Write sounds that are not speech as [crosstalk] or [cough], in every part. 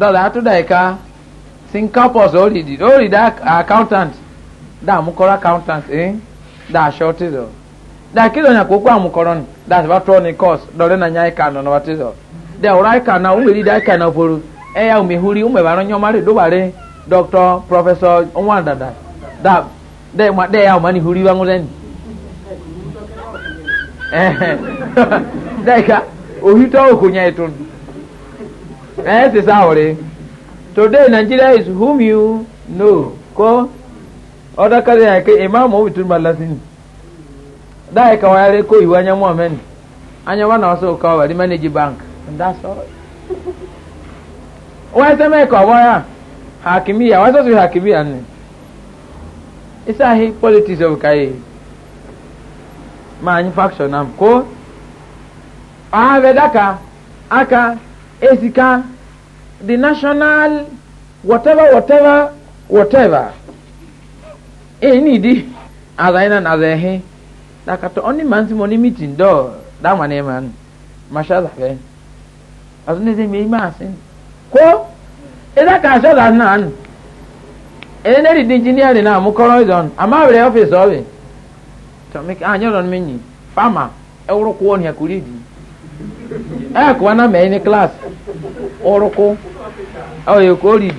dọ́là àtúndàyíká sinkapos oridi oridi accountant dáa mukọrọ accountant ẹ̀ dáa shorty zọ dáa kí lóyún àkókò àmukọrọ ni dáa sì bá tọ́ ni course dọ́lẹ́ náà nyá ẹ̀ka nọ nọ́wọ́ ti zọ dẹ́ ọ̀rọ̀ ẹ̀ka náà ọmọ èdè dá ẹ̀ka náà foro ẹ̀yà ọmọ ìhuri ọmọ ìbára nyọ́mari dóbàrẹ́ doctor professor ọ̀nwá dàda dáa dẹ́ ẹ̀yà ọmọ ìhuri wa ńlẹ́ ni dẹ́ ẹ̀ka òhìtọ́ òkò nyá ẹ ti sáwòrè today nigeria is whom you know ko ọdọ kari yẹn ke imam obi tun ba latin dáhẹ ka wáyà rẹ kó ìwé anyamú ọmẹni anyamú náà sọ ká wà ní manage bank and that's all. wọ́n ṣe e mẹ́ẹ̀kọ́ wọ́yà hakimiya wọ́n ṣe sọ hakimiya ni isahi politics of kaye manufacture nam ko ọ̀hán fẹ́ dáka aka. esika the national whatever whatever whatever enidi azaina na azehe dakata oni mansi moni meeting do da mane man masha da fe azne ze me ma sin ko ida ka sha da nan ene ri engineer na mu koro izon ama we office obi to make anyo don menyi farmer ewro ko oni akuridi e ko e na me ni class oruku oye ko ri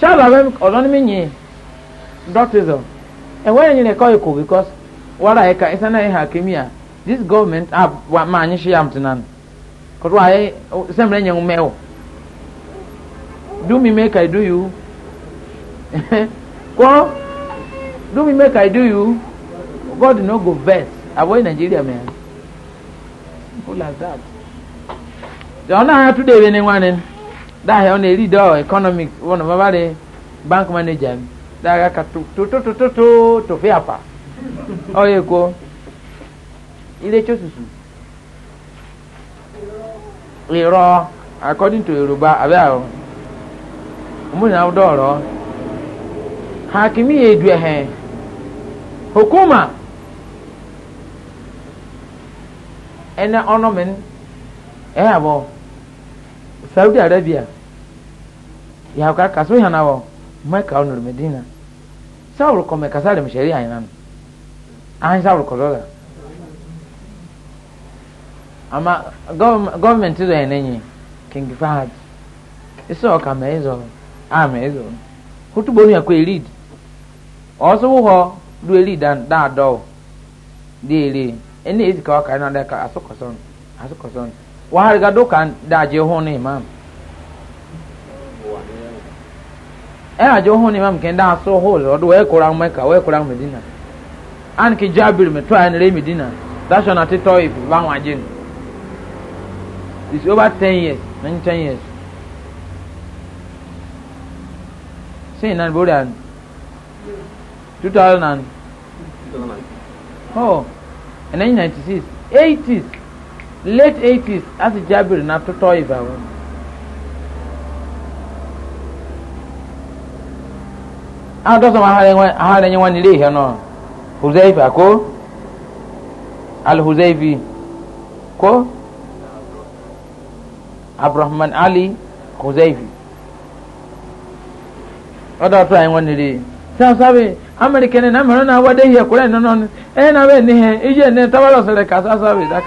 sábà bẹ nye ni mi yin dọ́kítọ̀ ẹ wọ́n yẹn kọ́ ka ẹ̀sán náà ẹ̀ hà kémi à this government app wa máa e, do me make i do you [laughs] do god no go vex nigeria man like that. ọ na-ahịa tụda ebe ne nwanne dahịa ọ na-eri dọọ ekonomik wọn mabali bank manager m dahịa ka tototototo tofe apa ọ ya ekwo ile chosusu ịrọ according to yoruba abịa ahụ ụmụ na dọọrọ ha kimi ya edu ehe hukuma ene ọnọmin ehe abụọ saudi arabia ya ka kaso ya nawo maka onur medina saul ko me kasare me sheria ina an saul ko lola ama government zo enenyi king fahad iso ka me izo a me izo hutu bonu ya ko elid oso wo du elid dan da do de ele ene izika ka na da ka asokoson asokoson wahari ga dukan da je hon imam eh aje hon imam ken da so hol odu we eh, kuran meka we eh, kuran medina an ki jabir me to an re medina that shona not to if ban wajin is over 10 years 9 10 years say nan bodan 2000 and oh and 1996 80s late eighties, s asi jabir na totɔ iba wɔn a dɔ sɔn ahara nye wani lehi nɔ huzaifa ko alhuzaifi ko abrahman ali huzaifi ɔdɔ tɔ anyi wani lehi sasabe amerikɛni na mɛrɛ na wa dehi ɛkura yi nɔnɔ ni ɛyɛ na bɛ nihi iye ne tabalɔ sɛlɛ kasa sabe daka.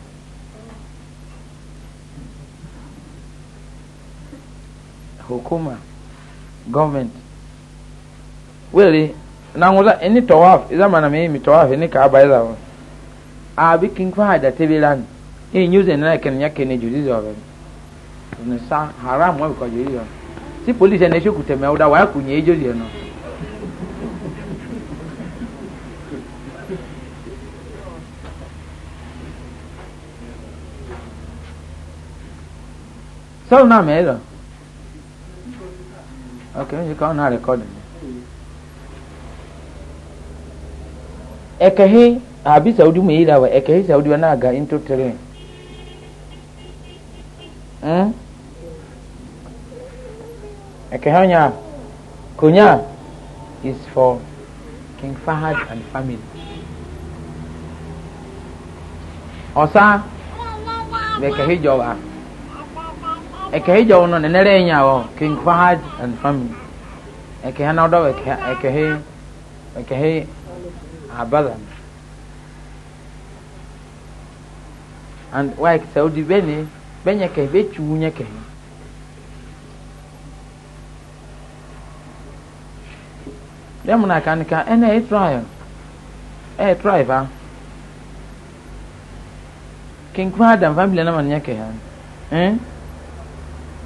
hukuma government wele nanguza ini tawaf iza mana mi mi tawaf ini ka iza wa abi kin fa da tebilan e nyuze na ken yake ne juzi zo ben ne sa haram wa ko juzi zo si police ne shoku teme oda wa ku nye juzi no sau na me Okay, you can now record Ekehi abi Saudi mu yi dawa ekehi Saudi wani aga into train. Hmm? Ekehi onya kunya is for King Fahad and family. Osa ekehi jọba. ekehe ono ne nere nyawo king fahad and family ekehe na odo ekehe ekehe abadan and why saudi bene benye ke be chuunye ke dem na kan ka ene israel e driver king fahad and family na ha eh?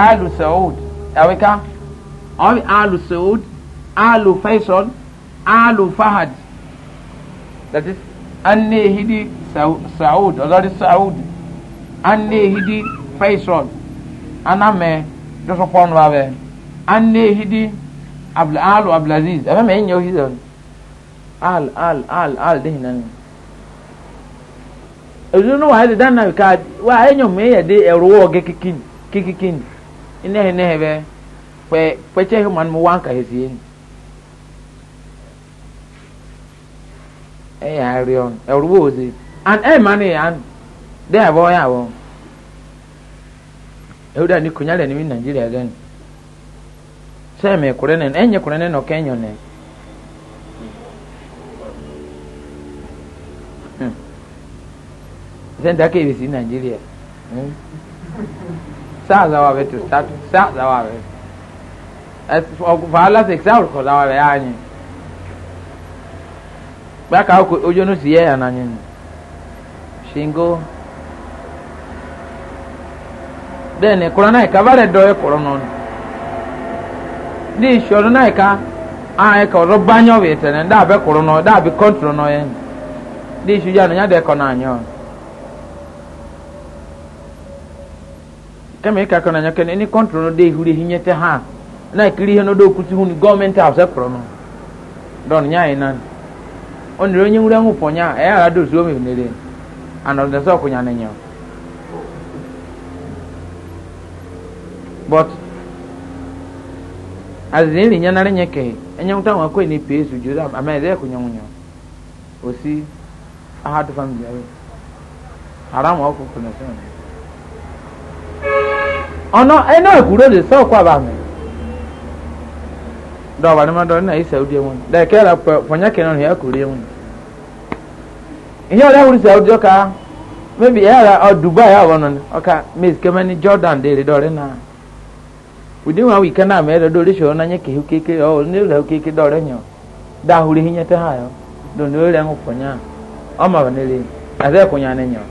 alu saud ẹ̀wíká ọ̀n alu saud alu faisal alu fahad that is hidi saud ọ̀dọ́dí saud anne hidi faisal anamẹ dọ́sọ̀pọ̀nù abẹ anne hidi alu abdulaziz ẹ̀fẹ̀ mẹ́yìn yẹn al al al al dehi nani? ɛdunu wa ayɛ dana dan ka wa ayɛ nyɔnmɛ yɛ de ɛrowɔ gɛ kikin kikikin nehe nehe bɛ kpɛ kpɛkyɛ hɛ man mu wan ka hɛ sie ni ɛyɛ e, ariɔn ɛwurubu e, ozi and ɛyɛ e, man yɛ an de abɔ yɛ abɔ ewuda ni kunya lɛ ni mi nigeria gɛn sɛ mɛ kurɛ nɛ ɛnyɛ kurɛ nɛ nɔ kɛnyɔ nɛ. sẹ́ńtà kébìsì nàìjíríà saa zawa bɛ tu saa saa zawa bɛ faala se saa kɔ zawa bɛ yaa nyi gbaka ko ojo no si yɛ yana kura na e ni sɔrɔ na ika an ika ɔrɔ ba nyɔ daa bi kɔntro nɔ eh. ni su yanu nya de kɔ na kama ika kana nyaka ni control no de hure hinye te ha na ikiri he no do kuti hu ni government house pro no don nya ina on ro nyi wura hu ponya e ara do so mi nere ano de so kunya ne nyo but azili nya nare nyeke enye uta wa kwe ni pesu jura ama ze kunya munyo osi ahadu family haram wa ko kuna sana ọ̀nà ẹnu ẹ̀kúrò lè sọ ọkọ àbàmì dọ̀wà ni ma dọ̀ nínú ayíṣẹ́ ọdún ẹ̀wọ̀n dẹ̀kẹ́ ẹ̀rọ pọ̀nyá kẹ́nà ní ẹ̀kúrò ẹ̀wọ̀n ìyá ọ̀rẹ́ wùrìṣẹ́ ọdún ọkà mẹ́bi ẹ̀rọ ọ dubai àwọn ọ̀nà ọkà mẹ́sì kẹ́mẹ́ ní jordan dèrè dọ̀rẹ́ náà wùdí wọn wìkẹ́ náà mẹ́rẹ̀ dọ̀rẹ́ ṣòro náà nyẹ́ kéhù kéèké ọ̀ nílẹ̀ kéèké dọ̀rẹ́ yẹn dáhùrẹ́ hinyẹ́tẹ́ hà yọ dọ̀nù ẹ̀rẹ́ ń pọ̀nyá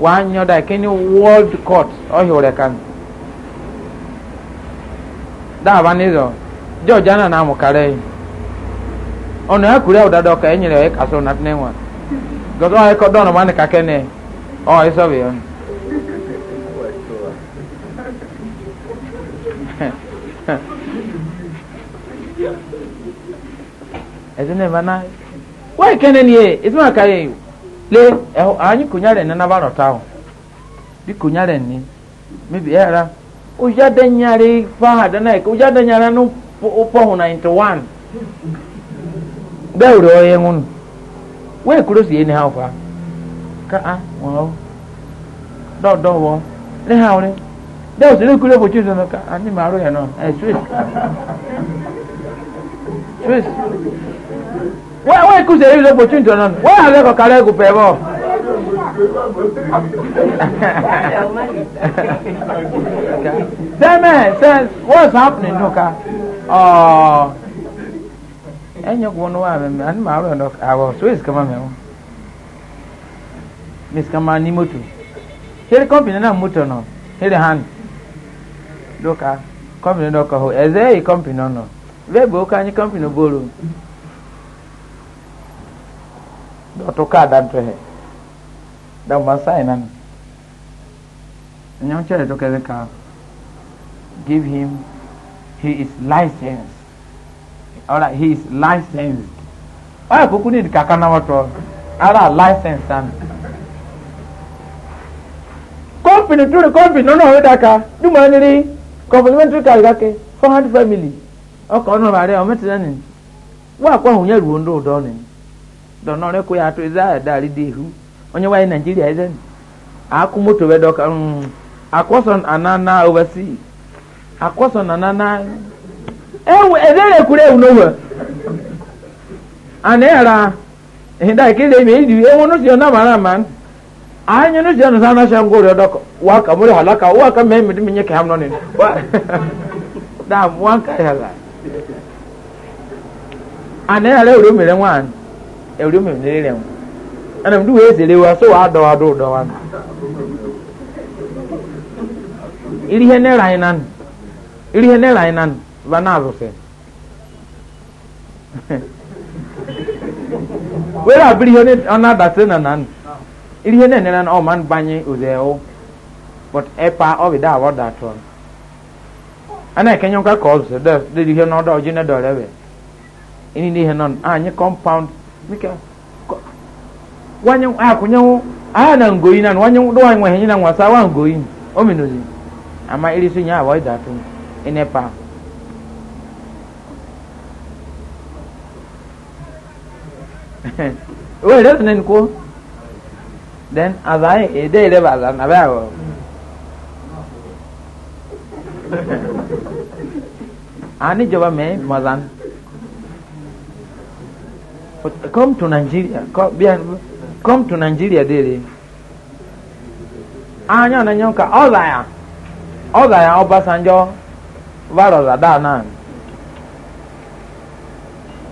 wa nyoda kini world court ohore kan da banizo jo jana na mukare ono akure odado ka enyere e kaso na tnewa godo ay ko dono man ka kene o iso bi on ezene bana wa kene ni e eh. izma ka le eh, anyị kụnyere nne naba nọta ahụ dị kụnyere nne mebi era ụja denyere fahad na ike ụja denyere nụ ụpọhụ 91 gawuri onye nwụnụ wee kwuru si enyi ha ụfa ka a ah, nwụrụ dọdọwọ ne ha nwụrụ dẹ òsèlè kúrò bòjú ìsọ̀nà ká a ní màá rò yẹn náà ẹ̀ swiss swiss. wee kụziere ile gbochi njọ nọ wee carry ekọkara egwu pebe Deme says, what's happening, Nuka? Oh, and you won't know, and my own dog, I was Swiss me Miss Kamani Mutu. Here company na Mutu no. Here hand. Doka, company doka ho. Eze company no. vebo ka ni company bolu. ọtụka dantwe da masai nan nyam chere to kere ka give him he is licensed all right he is licensed ọ kúkú ní ìdíkàkà náà wọ́tọ̀ ara license and company through the company daka complimentary car 400 family dọ nọrọ ekwe atụ a ahụ dị ihu onye nwaanyị naijiria eze akụ moto wee dọka akwọsọ anana ovasi akwọsọ na. ewu eze na-ekwuru ewu n'owe ana ịghara ịda ekele ma eji ewu n'usi ọ na-amara ama anyị n'usi ọ na ka mụrụ ha nọ ana ewuru mere nwaanyị ẹwúrẹ́ mi nílé rẹ̀ wọn ẹnna mi dùn wẹ́ẹ́ sèré wa so wàá dọ̀wà dọ̀ dọ̀wà nù. iri hɛ nɛra yi nan iri hɛ nɛra yi nan ba naa zo sɛ wɛrɛ abiri hɛ ne ɔna da se na nan iri hɛ nɛ nɛra na ɔman banye ozɛ o but ɛpa ɔbi da awɔ da tɔ ana kɛnyɛ nka kɔɔ zo sɛ dɛ de iri hɛ na ɔda ɔgye ne dɔ rɛ bɛ ɛni ne hɛ nɔ a nye ah, compound mika wanyan a ah, kunyan ah, a nan goyi nan wanyan do wan wan nan wasa wan goyi o mi nozi amma iri sun ya wai da tun ine pa wai da nan ko then azai e dai da ba zan ba wa ani jaba me mazan come to Nigeria come, to Nigeria daily anya na nyonka ọla ya ọla ya Ọbasanjọ varọza danan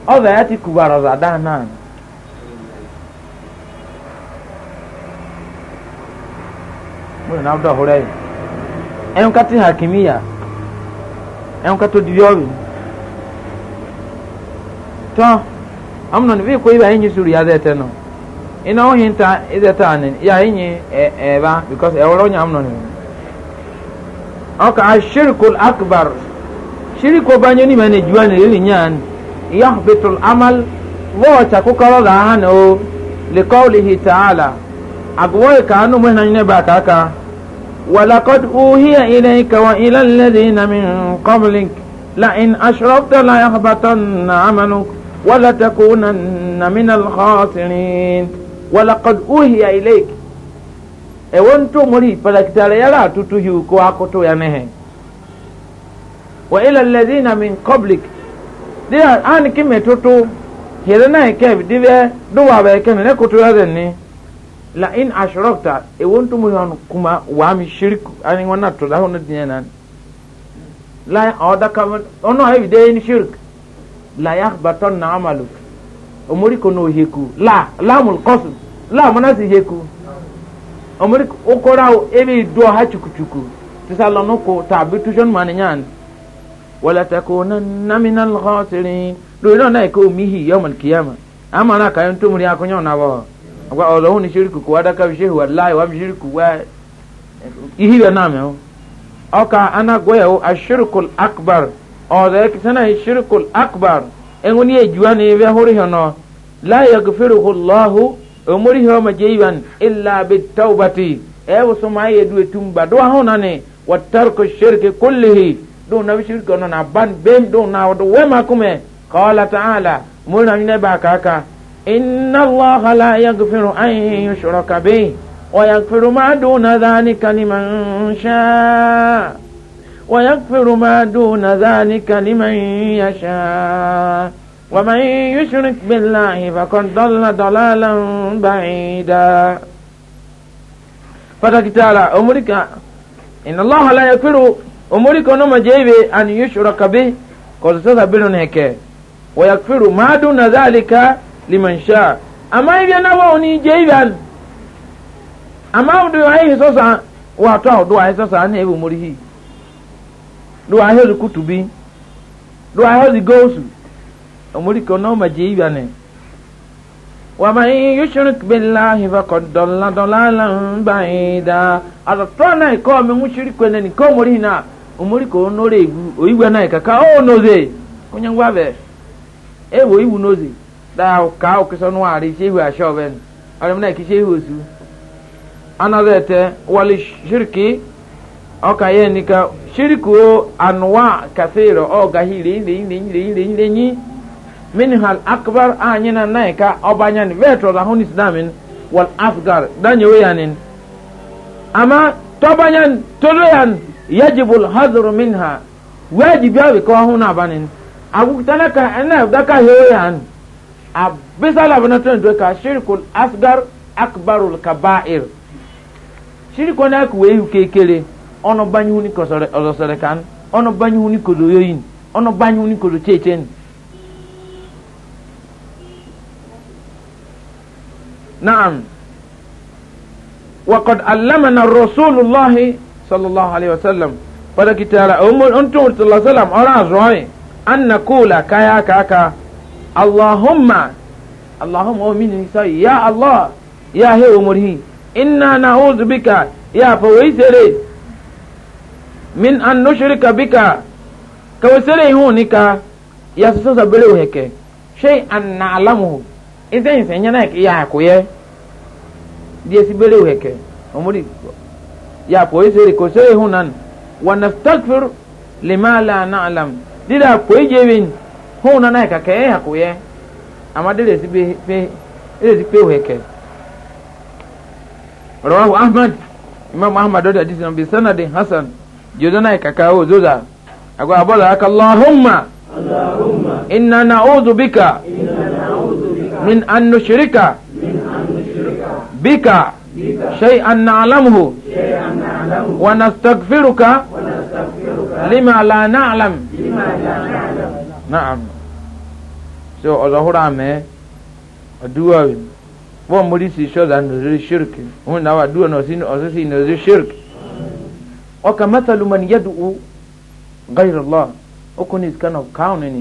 ọla ya Atiku varọza danan na amnon vi ko iba inyi suru ya zete no ina o hinta izeta anin ya inyi eba e, because e woro nya amnon aka ashirkul akbar shiriko banyo ni mane juani lili nyan yahbitul amal wo ta ku karo da hana o liqaulihi ta'ala agwai ka anu mun nan ne ba kaka ولقد أوهي إليك وإلى الذين من قبلك لئن أشركت ليحبطن عملك ولتكونن من الخاسرين ولقد أوهي إليك ewonto muri palakitala yala tutuhiu ko akoto yanehe wa ila alladhina min qablik dia an kime toto hirana ke dibe duwa be ke ne koto yadenni la in ashrakta ewonto muri an kuma wa mi shirku ani wana to da hono dinan la oda kam ono hebi de in shirku la yakhbatan na amalu omori ko no heku la lamul qasd la mana si heku omori o kora o ebe do ha chukuchuku tisalo no ko tabitu jon man nyan wala takunanna min al khasirin do no na ko mihi yawm al qiyamah ama na kayan tumuri akunyo na bo agwa olohun ni shirku ko adaka shehu wallahi wa shirku wa ihi na me o aka ana goya o ashirkul akbar ọ̀rẹ́ kìtánà ìṣirikul akbar ẹ̀hún ní èjúwa ni ibẹ̀ hórí hàn náà láyé gòfèrè hùlọ́hù òmórí hàn ọmọ jẹ́ ìwàn ilà abẹ́ tàwùbàtì ẹ̀ wọ́n sọ máa yẹ du ètú mbà dọ́wọ́ hàn náà ni wà tàrkù ṣirikì kólihì dùn náà ṣirikì ọ̀nà náà bá bẹ́ẹ̀ dùn náà wọ́n wẹ́ máa kú mẹ́ kọ́lá tààlà múlò náà nílẹ̀ bá a kàkà iná lọ́hà láyé gòfèrè ayé ṣòro kàbí wọ́n yà gòfèrè má dùn náà dáhà ní kálí máa ويغفر ما دون ذلك لمن يشاء ومن يشرك بالله فقد ضل ضلالا بعيدا فتكتالا أمرك إن الله لا يغفر أمرك نما جيبي أن يشرك به قد ستبلون هيك ويغفر ما دون ذلك لمن شاء أما إذا نووني جيبا أما أدعي سوسا وأتوه دعي سوسا أنه أمره do ahịrị kutubi do ahịrị gosu omuriko na ọmaji ibia ne wàmà yín yushrik billahi fakọ dọ̀la dọ̀la la ń gbà yín dá àtọ̀tọ̀ náà ikọ́ mi ń ṣírí kwẹ́lẹ́ ní kọ́ mórí náà omuriko n'ore egwu oyiwe náà kàkà ó n'oze onye ngwa bẹ̀ e wo iwu n'oze dáa ká òkèsọ́ nù àrí ṣé ihu àṣọ bẹ́ẹ̀ ni ọ̀rẹ́mi náà kì í ṣe ihu òsù anọ́dẹ̀ tẹ wọlé ṣíríkì. ọka yẹ nika shiriku anwa kasira ọga hiri ile ile ile ile ile nyi minhal akbar anyina naika ọbanya ni vetro da hun islamin wal asgar danye weyanin ama tobanyan toloyan yajibul hadru minha wajibi abi ko hun abanin agutana ka ena da ka heyan abisala bana tun ka shirkul asgar akbarul kaba'ir shirku na ku weyu kekere ono banyu ni kosore odosore kan ono banyu ni kodo yoyin ono banyu ni kodo chechen na'am وقد علمنا رسول الله صلى الله عليه وسلم فلك تعالى أمور أنتم صلى الله عليه وسلم أرى زوي أن نقول كيا كاكا اللهم اللهم أمين يا الله يا هي أمره إنا نعوذ بك يا فويسري min an nushirika bika ka wasere ihu nika ya su sasa bere weke shei an na alamu ise ise nyana ya akoye die si bere weke omuri ya po ise ko sere ihu nan wa nastaghfir lima la na'lam dida po jewin hu na na ka ke akoye ama dide si be be dide si pe weke rawahu ahmad imam ahmad dada disin bi sanadin hasan جدنا كاكاو زوزا أقول أبو لك اللهم إنا نعوذ بك من أن نشرك بك شيئا نعلمه ونستغفرك لما لا نعلم نعم so ọlọhura mẹ aduwa wọn mo di si sọdọ anọdọ shirk wọn náà wà aduwa náà ọsísì náà ọsísì náà ọsísì shirk ọkà mẹ́tàlú mẹ́ni yẹ́dù ó gáyìrì lọ ọkọ ní ìsìkánná káwọn ní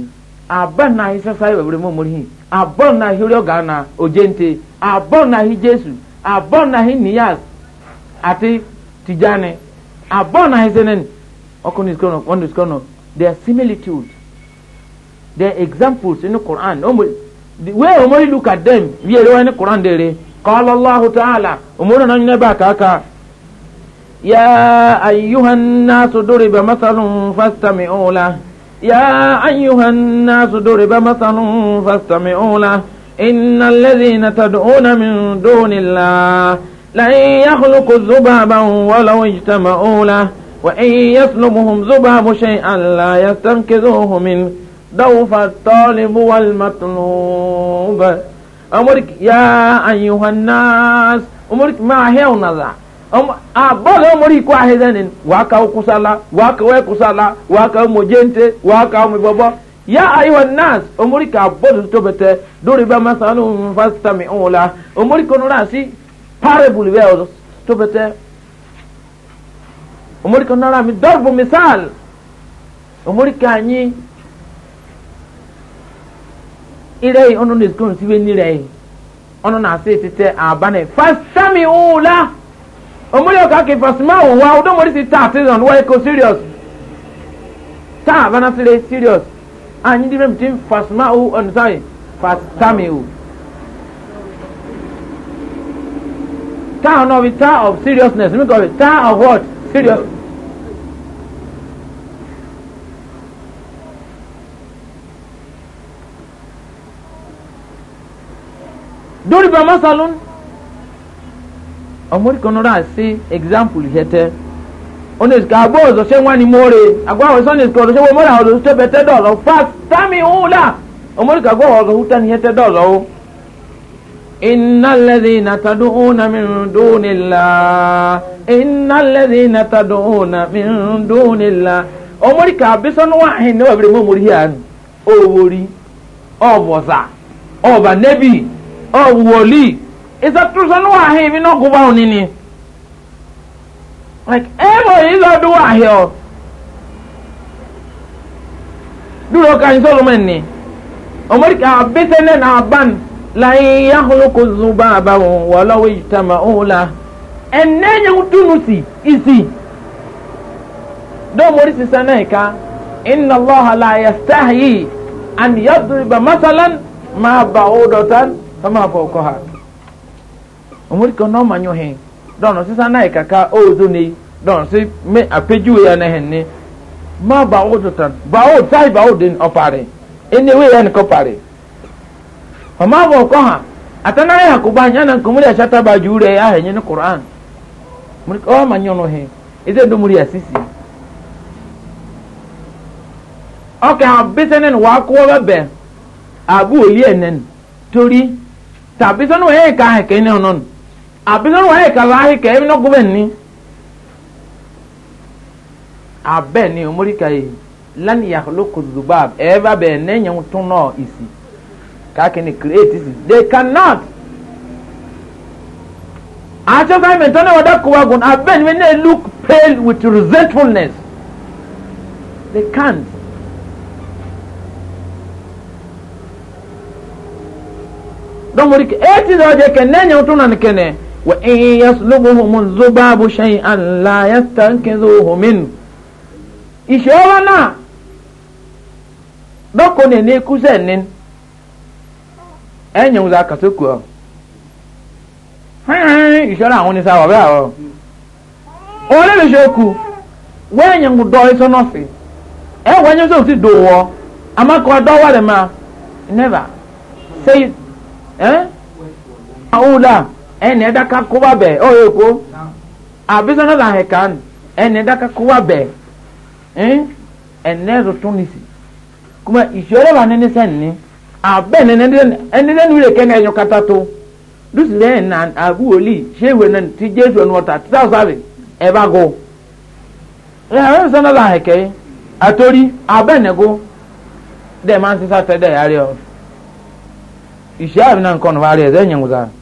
àbá náà yìí sẹ́sá yìí wẹ̀wẹ̀rẹ̀ mọ́mọ́rì yìí àbọ̀ náà yìí rí ọ̀gá náà òjéǹte àbọ̀ náà yìí jésù àbọ̀ náà yìí níyàs àti tìjáni àbọ̀ náà yìí sẹ́nẹ́ni ọkọ ní ìsìkánná wọn ní ìsìkánná their similitude their examples in the quran the way omori look at them bí èrè wọn ní quran dèrè kọ́ ọlọ́láhu ta'ala omori náà ní ẹ يا أيها الناس ضرب مثل فاستمعوا له يا أيها الناس ضرب مثل فاستمعوا له إن الذين تدعون من دون الله لن يخلقوا ذبابا ولو اجتمعوا له وإن يسلبهم ذباب شيئا لا يستنكذوه منه دوف الطالب والمطلوب أمرك يا أيها الناس أمرك ما هي ونظر bọ́ọ̀lù ọmọ rí kwa ahẹ́sẹ́ ni wàá ka okusala wàá ka wẹ́kusala wàá ka mojente wàá ya omibọ́bọ́ yá ayiwa nurse omori ka bọ́ọ̀lù tó bẹ̀tẹ̀ lórí bẹ́ẹ̀ mẹ́sàn-án ló ń fa sítàmì ọ̀hún parable bẹ́ẹ̀ tó bẹ̀tẹ̀ omori kọ́nu náà mi dọ́rùbù misal omori ka nyi ire yi ọ̀nà ní sukùn síbi ní rẹ̀ yìí ọ̀nà náà omuli okake fasima wa udomoli si taa tizon weko serious taa bana sile serious anyi di mem tin fasima u on sai fastami u taa bi taa of seriousness mi ko bi taa of what serious dori ba masalun ọmọdé kan náà sí example yẹtẹ onisika agbó ọ̀sọ̀ ṣé wọ́n ni mọ́re agbó àwọn sọ́ni ìsìkò ọ̀sọ̀ ṣé wọ́n mọ́ra ọ̀sọ̀ tami hula ọmọdé kan agbó ọ̀sọ̀ húta ni yẹtẹ dọ̀lọ́ o. iná lẹ́dí nàtàdó ọ̀nà mi ń dún nílá iná lẹ́dí nàtàdó ọ̀nà mi ń dún nílá ọmọdé kan abisọ́nù wà hìn ní wàbẹ̀rẹ̀ mọ́mọ́rí yàn owó rí ọ̀bọ̀sà ọ̀bà nẹ́bì ọ̀wọ̀lì ìsọtúnṣọ ní wàá hìn ibi náà gún báwọn níní like ẹ mọ èyí lọ bí wàá hìn ọ dúró kan solomon ni ọmọdéka abẹ́sẹ̀lẹ̀ náà ban láyé yahoo kò zun bá a bá wọn wọ́n lọ́wọ́ ìjìtàmà òun la ẹnẹ́ yẹn dúnú sí náà ká inna allah la yastahi an yadriba masalan ma ba ba'udatan fama fawqaha omori kan n'ọma nyo hin dɔn sisan n'a ye kaka o zo ne dɔn si me apeju ya ne hin ne ma ba o to tan ba o ta ba o den ɔpare ene we ya ne kɔpare ɔma bɔ kɔ ha atana ya ko ba nyana ko muri asata ba jure ya hin ne qur'an muri ko manyo nyo no hin ite do muri asisi ɔkè ha bitenen wa kó bɛbɛ abu oyi enen tori tàbí sɔnni wòye ká hẹkẹ ní ọ̀nà nù abisan wa ye kalahi kɛ ebi na gube ni abɛ ni omori ka ye lani yahlo kuzubab ɛba bɛ ne nyɛ tun nɔ isi kake ni create isi they cannot ato ka mi tɔne wada kowa gun abɛ ni ne look pale with resentfulness they can't. dɔnku eti dɔ de kɛ ne nyɛ tun na ni kɛnɛ. وإن يسلبهم الذباب شيئا لا يستنكذوه منه ìṣòro náà dọ́kọ̀ ní ní ikú sẹ́ni ẹ̀yìn òun zakàtókù ọ ìṣòro àwọn oníṣà wà bẹ́ẹ̀ ọ òun lè ṣe okù wẹ́ẹ̀yìn òun dọ́ iṣẹ́ náà sí ẹ̀ wọ́n ẹ̀yìn sọ̀rọ̀ sí dòwọ́ amákan ọdọ́ wà lè máa never say ẹ̀ ọ̀hún dáa ɛnna ɛdaka kowa bɛ ɔyɛ eko abisa na lahe kan ɛnna ɛdaka kowa bɛ ɛn ɛnna ɛzɔtɔ ne si kuma nene wa nínú sẹ́ni abẹ́ ẹni lẹ́nu rẹ̀ kẹ́ni ẹ̀yọ kata tó lùsì lẹ́yìn náà àbú wòlíì ṣé ìwé náà ti jésù ẹnu ọ̀tà títà sáré ẹ̀ bá gọ. ẹ̀rọ sẹ́ni lahe kẹ́ àtòrí abẹ́ ẹ̀nẹ́gọ́ dẹ̀ máa ń sísá tẹ́ dẹ̀ yàrá ọ̀ ìṣe àbínà nǹkan ọ̀nà wa rẹ̀ ẹ̀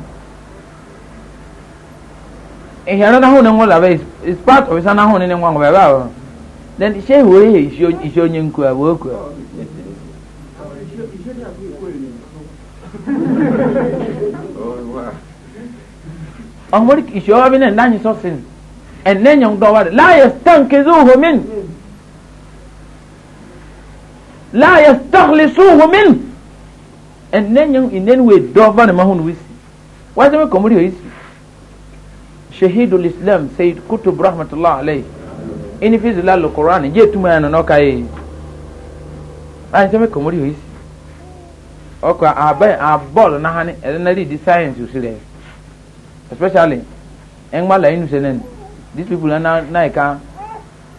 ìhẹ̀rọ náà hùn ní wọn làbẹ́ is part of ìsáná hùn ní wọn bẹ̀rẹ̀ àwọn then ṣé ìwé yẹ iṣẹ́ onye nkú ẹ̀ wọ́n kú ẹ̀. ọ̀hún ìṣe ọ̀rọ̀ bí náà náà yín sọ́sìn ẹ̀ náà yẹn ń dọ́wọ́ rẹ̀ láàyè stan kìí homin láàyè stan lè sún homin ẹ̀ náà yẹn in any way dọ́wọ́ rẹ̀ máa hùn wísì wáṣẹ́ mi kọ̀ mú rí òyìsì shahidu islam sayyid kutub rahmatulah alayhi ini fi zila lu quran je tuma yana no kai an jame ko muri hoyi oko abai abol na hani e na read science usire especially engma la inu senen these people na na ka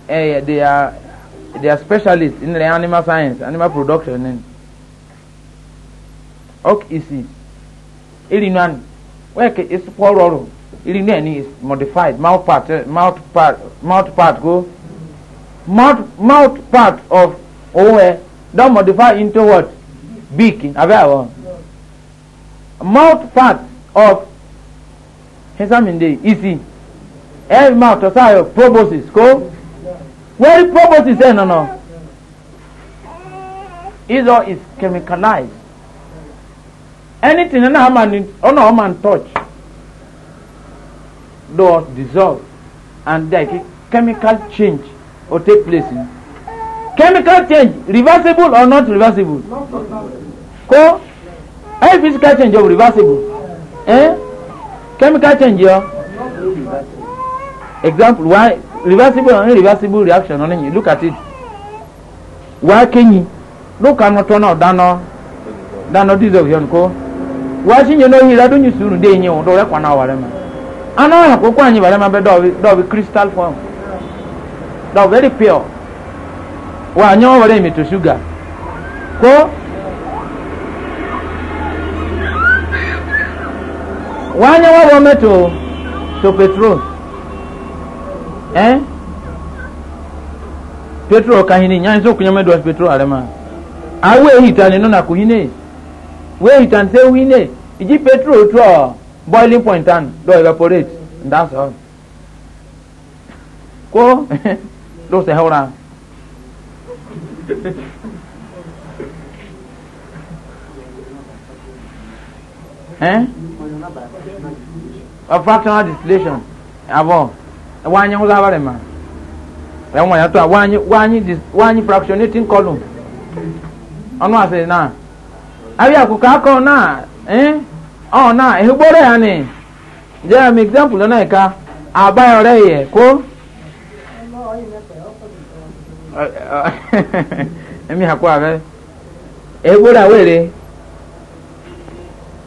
eh they are they are specialists in the animal science animal production nen ok isi iri nan weke isi poro iri ne ni is modified mouth part eh, mouth part mouth part go mouth mouth part of owe don modify into what beak abi awo mouth part of hesaminde easy. every mouth osayo proboscis go. where proboscis ẹ nọ nọ all is chemicalized anything na ama ni ọ na ọ ma touch does dissolve and like chemical change or take place in chemical change reversible or not reversible ko any physical change of reversible eh chemical change yo example why reversible or irreversible reaction only? you look at it why kenyi look at not turn out dano dano dissolve yon ko why shin you know he radun you suru dey nyi on do re kwana ware ma anaghị akwụkwọ anyị bara mabe dọbi kristal fọm dọ very pure wa anyị ọ were emeto shuga ko wa anyị ọ were meto to petrol eh petrol kahini nyanyi so kunyame dọ petrol arema awe hitani nuna kuhine we hitani se uhine iji petrol tu boiling point and don evaporate and that's all kwuo lụsị ha ụra a fractional distillation abụọ wanyi nwụrụ abalị ma enwe ya tụ a wanyi wanyị fractionating column ọnụ asịrị na abịa akuka akọ na eh ọ oh, na ehugboro ya ni jẹ́ example lọ́nà eka àbáyọrẹ́ ọrịa kó. ẹ̀mí àkó àfẹ́ ehugboro àwẹ̀rẹ̀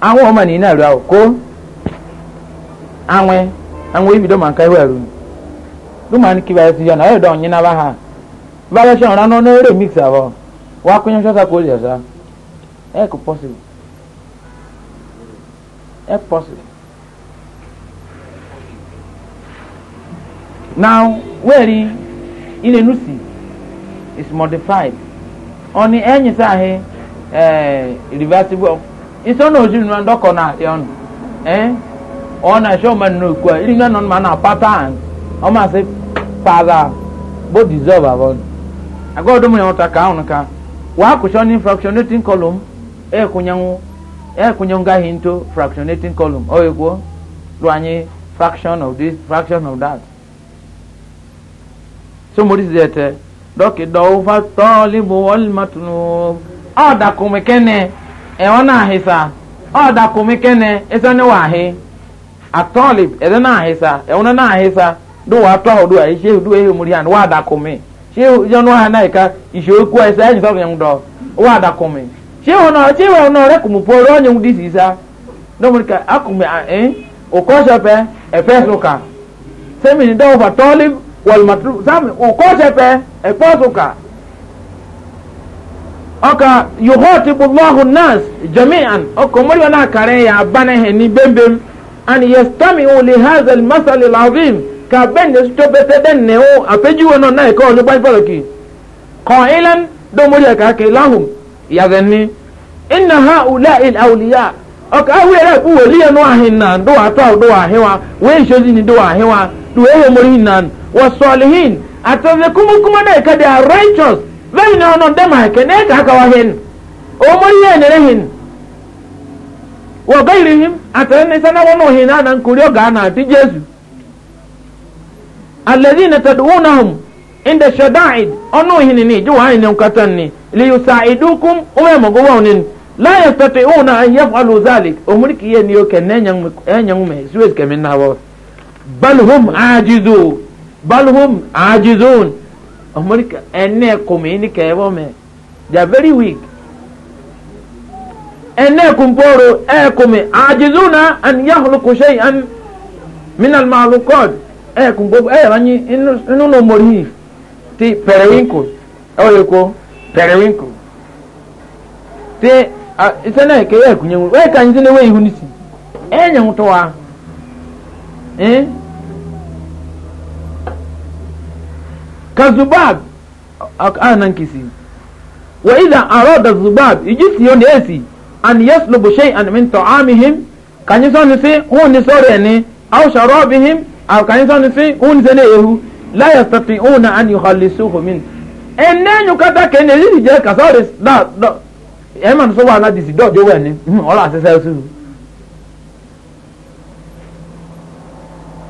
àwọn ọmọ nìyí náà rà ó kó àwọn na ibi dọ́ màá ká ẹwà rù dùmà ní kíbi àti yọ̀nà ha mix help us. Now, where si is modified, on the end is eh, reversible. It's on those you na and on eh? On a showman, no, you know, on na a pattern, on my father, both deserve about. I got them in water count. Wa kushoni fractionating column, eh, kunyangu. ekunyonga him into fractionating column ọ ekwo do anyị fraction of this fraction of that so mo disi ete dọkị dọwụfa tọọlịbụ ọlịmatụnụ ọ dakụmikene ịhụ na-ahịsa ọ dakụmikene ịsa n'ịwa ahị atọọlịb ịdị na-ahịsa ịhụ na-ahịsa dụwa atọ ahụ dụwa ihe dụwa ihe omori ha na wa dakụmi ihe ọnụ ahịa na-eka ihe okwu ịsa ịnyịsa ọbịa ndọ wa dakụmi. shehu na shehu na ɔrɛ kumu poro ɔnyɛ ŋu di sisa n'omuli ka akumu eh? ɛn okɔsɛpɛ ɛfɛsuka sɛmini dɔw fa tɔɔli walima tu sami okɔsɛpɛ ɛfɛsuka ɔka yohoti bulahu nas jami'an ɔkɔmɔli wa n'a kare ya bana hɛ ni bembem ani yɛsitami wuli hazal masali laazim ka bɛn de sotɔ bɛsɛ dɛ nɛ o apɛji wo nɔ n'a ye kɔ ɔnyɛ gbajibɔlɔ ki kɔn ilan dɔmɔli yɛ yàgànni iná ha ulẹ̀ ilẹ̀ awùlíyà ọkọ̀ awúyẹ rẹ̀ kú wòlíì ẹnu àhìn náà dó àtọ́ àdó àhìn wa wọ́n ìṣòdì ni dó àhìn wa dùwẹ́ yẹ mọ́rí yìí náà wọ́n sọ̀lì hìn àtẹ̀lẹ́ kúmúkúmú náà ẹ̀ka dẹ̀ righteous bẹ́ẹ̀ ni ọ̀nà dẹ́mà ẹ̀kẹ́ náà ẹ̀ka àkàwà hìn òun mọ́rí yẹ ẹ̀nẹ̀rẹ̀ hìn wọ́n gẹ́yìrì hìn àtẹ̀lẹ́ ní sanáwó náà hìn náà nà nkùrí ọ̀gá náà àti jésù alẹ́ inda shada'id onu hini ni ji wani ne katan ni li yusaidukum uwe mago wonin la yastati'una an yaf'alu zalik umriki ye niyo ken nyang e nyang me suwes kemen na wa bal hum ajizu bal hum ajizun umrika enne komini ke wo me they are very weak enne kumporo e kumi ajizuna an yakhluqu shay'an min al-makhluqat e kumbo e ranyi inu no mori ti periwinkles ɛwɔ yɛ ko periwinkles ti a sɛ na ke yɛ kunye ŋu wɛyɛ ka nyi sɛ na wɛyɛ ihu ni si ɛyɛ nyɛ ŋutɔ wa ɛn kazubab anan kisi wa idan arada zubab iji si yoni esi an yaslubu shay'an min ta'amihim kanyi sɔ si hun ni sɔrɔ yɛ ni aw sharabihim aw kanyi sɔ si hun ni sɛ ne yehu láyọ̀ tẹ̀tì òun náà àni ìhọ̀lẹ̀ sóhùn mi. ẹnẹ́ nyukata kẹ́ni èyí ti jẹ́ kasọ́ọ̀rì dọ́ wa na sọ wà ládìsí dọ́ọ̀dẹ́ wẹ̀ ni ọ̀rọ̀ àṣẹṣẹ́ sùn.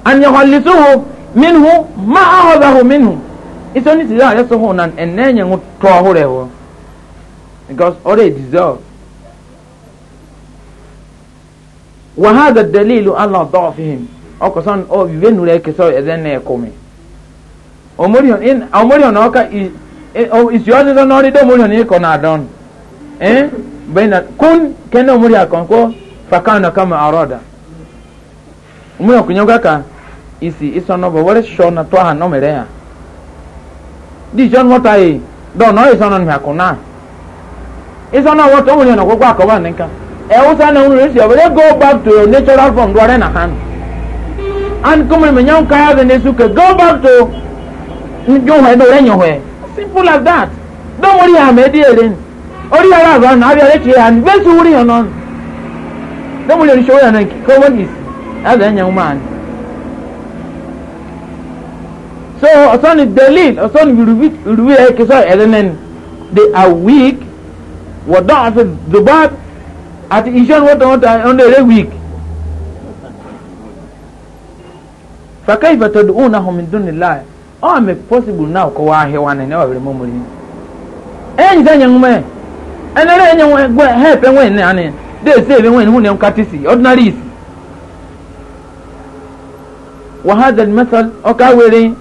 àni ìhọ̀lẹ̀ sóhùn minhu ma ahọ́dáhù minhu iṣẹ́ ní ti yá àyẹ́ sóhùn náà ẹnẹ́ yẹn ń tọ́ ọ̀hún rẹ̀ wọ̀ because ọ̀rẹ́ deserve. وهذا الدليل على ضعفهم أو كسان أو بينو لك سو إذا نكمل omorion in omorion oka e, is is yours is onori do omorion ni ko na don eh kun kenda omori akon ko fakana kama arada umuri okunyoga ka isi isono bo wore sho na to ha no mere ya di john mota e do no isono ni akona isono wo to omorion ko kwa ko ba nka e usa na unu resi obere go back to your natural form do na han and come me kaya de nesuke go back to njó hwẹ do rẹ nyọ hwẹ simple as that dọ́n worry, àmì ẹ̀dí èrè ni orí ara àbá nà ábí ọ̀rẹ́ kìí hàn bẹ́ẹ̀ sì wúrí yàn náà dọ́n orí oríṣiríṣi yàn náà kò wọ́n yìí ẹ̀dá ẹ̀yàn máa ni. so ọ̀sán ni delil ọ̀sán ni rubi ẹ̀ kìsọ̀ ẹ̀dẹ́ nẹ́ni they are weak wọ̀dọ́ àti zubab àti iṣẹ́ wọ́tọ̀ wọ́tọ̀ ọ̀nà èrè weak. فكيف تدعونهم من دون الله ọ oh, mee posibụl na akọwa ahịa wa nene ọ were m omori enyi ta nye nwe enere enye nwe gwe help enwe nne ani dee ebe nwe hụ ne nkata isi ordinary isi وهذا المثل أكاوري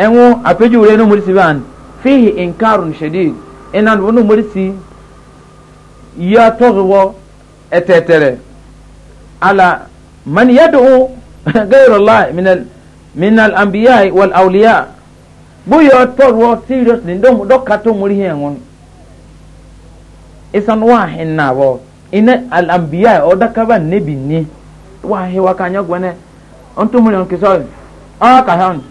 أنو أبجي ورينو مرسيبان فيه إنكار شديد minal anbiya wal awliya buyo torwo seriously ndo do kato muri he ngon isan wa hinna bo ina al anbiya o da kaba nabi ni wa he wa kanya gwene onto muri on kiso a ka han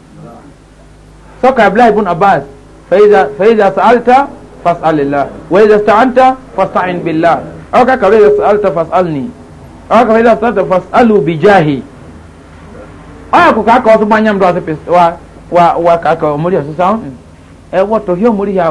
so ka bla ibn abbas fa iza fa iza sa'alta fas'alillah wa iza sta'anta fasta'in billah aw ka iza sa'alta fas'alni aw ka iza sa'alta fas'alu bijahi aya ku kaka ọtụ gbanyam dị ọtụ wa wa wa kaka omori ọsịsa ahụ e wọtọ hie omori ya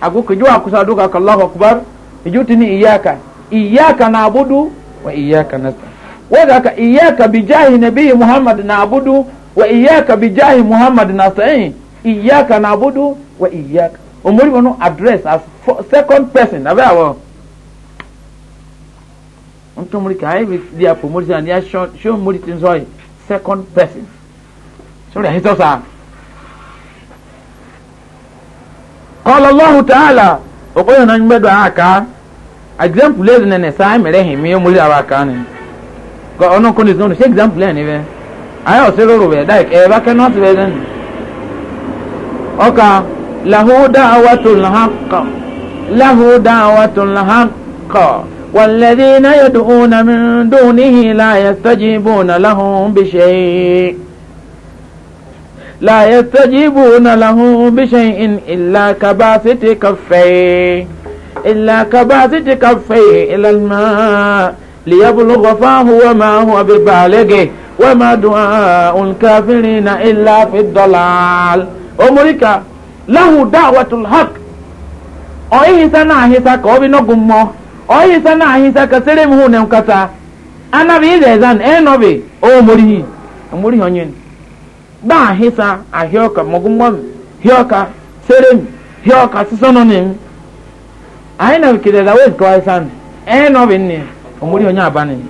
agụ keju akwụsa dụ kaka allah akbar iju tini iyaka iyaka na abudu wa iyaka nasta wadaka iyaka bijahi nabii muhammad na abudu wa iyaka bijahi muhammad nasta'in iyaka na abudu wa iyaka omori bọnu address as second person abẹ́ àwọ̀ ntomori ka ayi bi di apomori sani ya sọ sọ omori second persons. So the historians are. قال الله تعالى أقول أنا نبدو أكا example لازم نسأي مريهم يوم ولي أباكان أنا كنت نقول شيء example يعني به أنا أصير روبه دايك إيه بقى نوت بيزن أوكا له دعوة الحق له دعوة الحق والذين يدعون من دونه لا يستجيبون لهم بشيء لا يستجيبون لهم بشيء إلا كباسط كفيه إلا كباسط كفيه إلى الماء ليبلغ فاه وما هو ببالغه وما دعاء الكافرين إلا في الضلال أمريكا له دعوة الحق أي سنة هي سكوبي oyi na ahisa ka sere mu ne nkata anabi ile zan enobi o morihi morihi onye ba ahisa ahioka mogumwa hioka sere mu hioka sisono ne ayi na kide da wet ko san enobi ne o morihi onye abani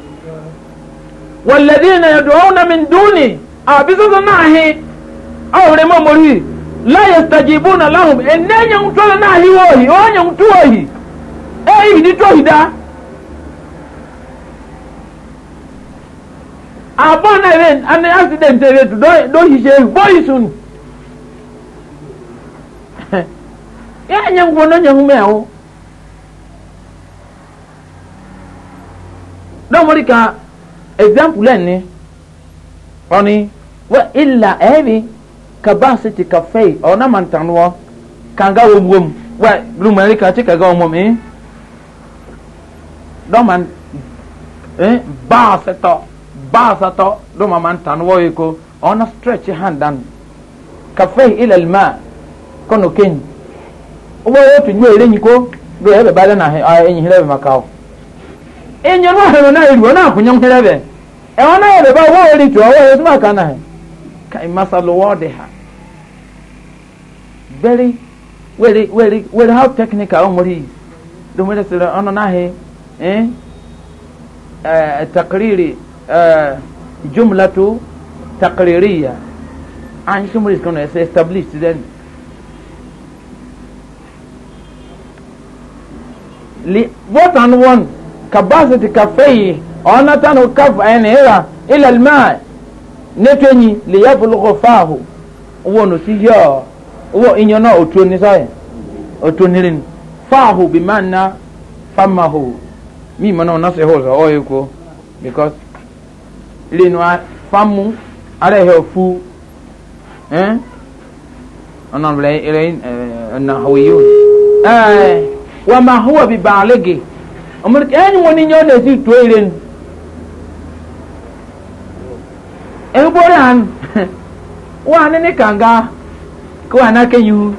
والذين يدعون من دوني أبسط ناهي أو رمو مريه لا يستجيبون لهم إن نجم تولى ناهي وهي وهي وهي eyi ni tó hida abọ́ náà ebe ani accident ebe tu do hise voice nu ya nye nkwo no nye nkume awo dɔmɔri ka example ɛni ɔni wa illa ɛbi ka baasi ti ka fɛyi ɔna man tan wɔ kanga wom wom wa lumani ka ti kanga wom wom ee dɔman eh baasa tɔ baasa tɔ dɔma man tan wɔ ye ko ɔna stretch hand dan kafe ilal ma kɔnɔ kenyi o bɛ yɛ tu nyɛ yɛrɛ nyi ko do yɛ bɛ ba de na hɛ ɔyɛ enyi hɛrɛ bɛ ma kaw enyi no na yɛlu ɔna akunyɛ hɛrɛ bɛ ɛwɔ na yɛ bɛ ba wɔ yɛli tu ɔwɔ yɛ tuma kan na hɛ ka imasalo wɔ ha very very very very how technical ɔmɔ de yi domine sɛ ɔno na hɛ. تقريري جملة تقريرية عن شو مريض كونه established then both and one capacity كفي أنا تانو كف أنا هلا إلى الماء نتني ليبلغ فاه وانو سيا wo inyana otuo ni sai otuo nirin fahu bi manna famahu mi mana na se hoza o yuko, because lenu a famu ara he fu eh ona bla ile na hawiyu eh wa ma huwa bi baligi amur kan woni nyo ne si to e boran wa ne ne kanga ko ana ke yu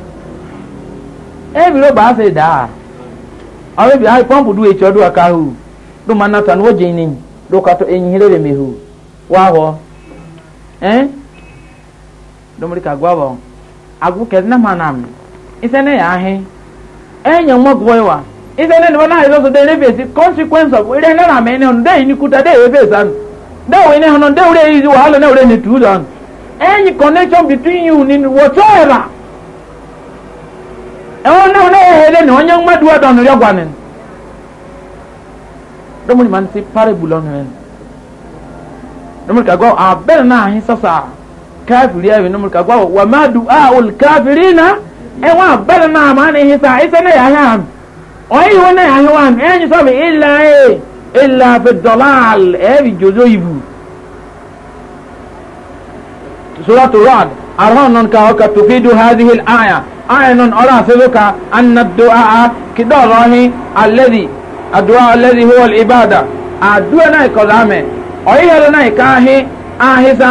e bi lo ba se da awe bi ai pampu e du echo du akahu du manata no jini du kato enyirere mehu wa ho eh du muri ka gwawo agu ke na manam isene ya ahe enya mo gwoiwa e isene no na izo de rebesi consequence of ire na na me ne on de ni kuta de e de ne de wa ne connection between you ni ɛwɔ nam na yɛhɛlɛ ne ɔnyɛ nwoma duwa dɔn no yɛgua ne dɔm nyima nti parable ɔno ne dɔm ka gɔ abɛn na ahe sasa kafiri awi dɔm ka gɔ wa ma du a ol kafiri na ɛwɔ abɛn na ama ne he sa ɛsɛ ne yɛahɛ am ɔyɛ e wɔn ne yɛahɛ wam ɛnyɛ sɔ ila ye ila e, fi dɔlaal ɛbi e jojo ibu suratul rad arhan nan ka tufidu hadhihi al ayanun ọ̀rọ̀ àfẹ́lúkà anadua kìdọ̀rọ̀hìn alẹ́dì àdúrà alẹ́dì huwal ibada àdúrà náà ìkọ̀lá mẹ́ ọ̀yẹ́rẹ́ náà ìka ahín ahísá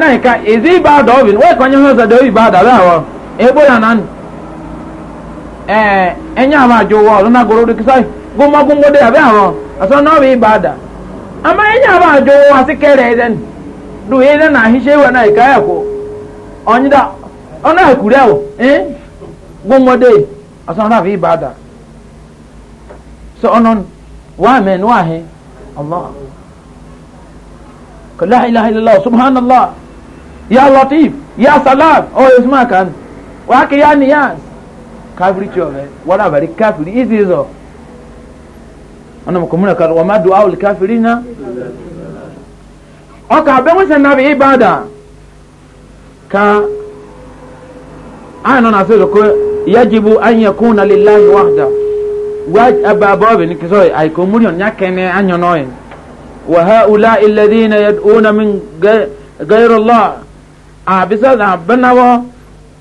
náà ìka ìdí ibada ọ̀bìn wọ́n ìkọ̀ nyẹ́ sọ̀dọ̀ ibada láwọ̀ ebo yà nánu ẹ̀ẹ́ ẹ̀nyẹ́ àwọn àjò wọ̀ ọ̀rọ̀ náà gòrò dùkísà gómọ́gómọ́dé àbẹ́ àwọn àsọ̀ náà bí ibada àmọ́ ẹ̀nyẹ́ àwọn àjò wọ̀ àti kẹrẹ̀ ẹ̀dẹ́nu dùn ẹ̀dẹ́nu àhíṣẹ́ wọ̀ náà ọ̀nà àkùrẹ́ ọ̀ ẹ́ gbọ́mọdé ọ̀sán náà fi bá dà so ọ̀nà wà mẹ́nu àhẹ́ allah kọlá ilàhílàlá subhanallah ya latif ya salam ọ̀ yẹsùn máa kàn wàá kí ya niyaz káfírí tí o fẹ́ wọ́n àbẹ̀rẹ̀ káfírí ìsì ìsọ̀ ọ̀nà mọ̀kànmúnà kan wọ́n má dùn áwòlì káfírí náà ọkà abẹ́wọ́sẹ̀ nàbẹ̀ ìbàdàn ká aya nana se ko yajibu an yakuna lillahi wahda waj ababobe ni kiso ay ko murion nyakene anyo noy wa haula alladhina yad'una min ghayri allah a bisa da banawo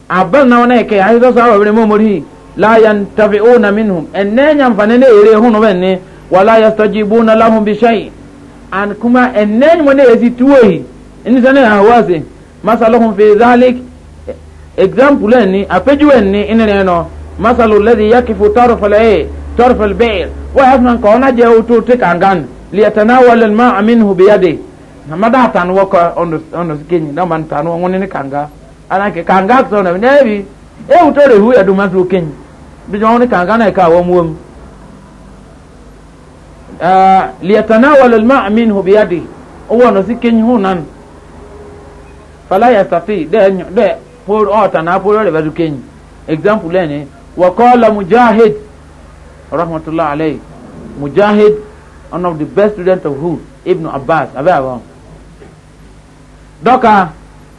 abana wona ke ay do sawo be mo muri la yantafi'una minhum enenya mfanene ere hunu benne wala yastajibuna lahum bi shay an kuma enen mo ne yesi tuwi inzana hawase masalahum fi dhalik example ẹni àpéjú ẹni ìnìyẹn nọ masalu lẹ́dí yakifu tọrọfẹlẹ ẹ tọrọfẹlẹ bẹ́ẹ̀ wọ́n yà fún kọ́ ọ́nà jẹ́ otu tí kàngán lìyàtàná wọlé mọ́ àmín hùbíyàdé nàmàdà àtànù wọkọ ọ̀nà sikẹ́yìn kanga. màá tànù wọn ní kàngá anake kàngá sọ nà ẹ̀ bi ẹ̀ wùtọ́ rẹ̀ hu ẹ̀dùnmá sọ kẹ́yìn bí wọ́n ní kàngá náà ẹ̀ka àwọn ọmọ wọn. lìyàtàná wọlé mọ́ àmín hùbíyàdé ọwọ́ ọ̀nà sikẹ́yìn poro ọta oh, na poro rẹ bẹtu kenyi example ẹni wakọọla mujahid rahmatulah alayhi mujahid one of the best students of who ibn abbas abẹ abọ dọka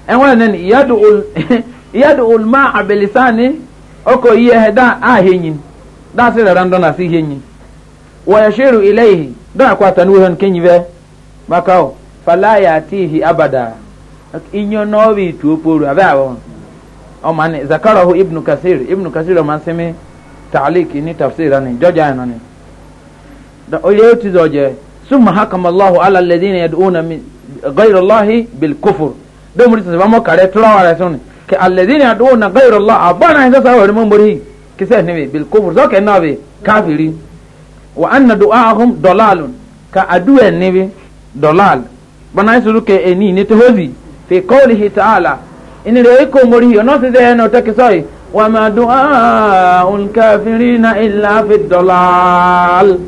yadu nẹni iyadu [laughs] ulma abilisani ọkọ iye da ahenyin daasi rẹ randọ na si henyin wọyẹsẹru ilayhi dọka kọ atanu hẹn kenyi bẹ bakaw falaya tihi abada inyọ nọọbi tuoporo abẹ abọ ọmọ ni zakarahu ibnu kasir ibnu kasir ọmọ sẹmi taaliki ni tafsir ani jọjà ẹ̀ nani oyè ti zọjẹ summa hakama allahu ala ladina yad'una min ghayra allahi bil kufur dɔw muri sasaba mo kare tura wa rasun ke alladina yad'una ghayra allah abana hinda sa wari mun buri kisa ne be bil kufur zo ke nabe kafiri wa anna du'ahum dalalun ka aduwa ne be dalal bana suru ke eni ne to hozi fi qawlihi ta'ala inire ko mori ono se de no take soy wa ma du'a ul kafirina illa fi dalal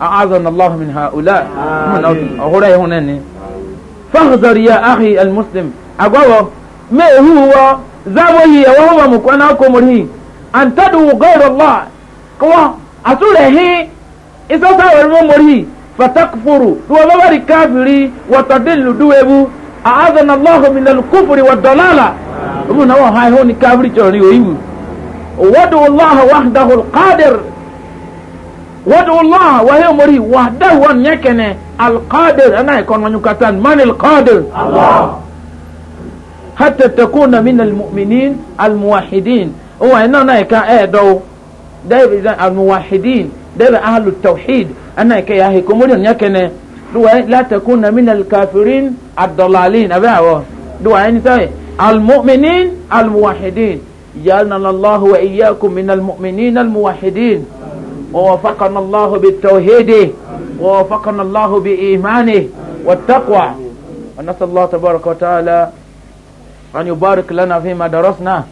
a'azana Allah min haula amin ahura yone ni fahdhar ya akhi al muslim agwawo me huwa zabo yi wa huwa mukwana ko mori an tadu Allah kwa asure hi isa sa wa mori fatakfuru duwa bari kafiri wa tadillu duwebu àádọ́nà lọ́hùn mi lẹ́nu kúfùrì wà dọ́làlà ọmọ náà wọ́n hàn ní káfírí jọ̀rọ̀ ní òyìnbó wọ́dù ọlọ́hà wàhùdáhù kádìr wọ́dù ọlọ́hà wàhẹ́ mọ́rí wàhùdáhù wọn nyẹ́ kẹ́nẹ́ alkádìr ẹ̀ náà ẹ̀kọ́ nínú kàtà mọ́ni alkádìr. hàtà takùn na min almuminin almuwahidin ọwọ́ ẹ̀ náà ẹ̀ka ẹ̀ dọ́wọ́ dẹ́bi almuwahidin dẹ́bi ahalu tawhid ẹ̀ náà ẹ̀ka yà hẹ́kọ́ mọ́rí wọn nyẹ́ kẹ́nẹ́ دو la takuna min alkafirin ad-dalalin abi awo duwa ni sai almu'minin جعلنا الله وإياكم من المؤمنين الموحدين ووفقنا الله بالتوحيد ووفقنا الله بإيمانه والتقوى ونسأل الله تبارك وتعالى أن يبارك لنا فيما درسنا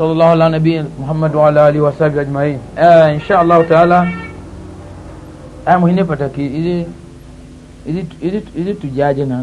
صلى الله على نبينا محمد وعلى آله وصحبه أجمعين آه إن شاء الله تعالى àmọ́ yìí ní pàtàkì ìdí ìdí ìdí tùjá jẹ́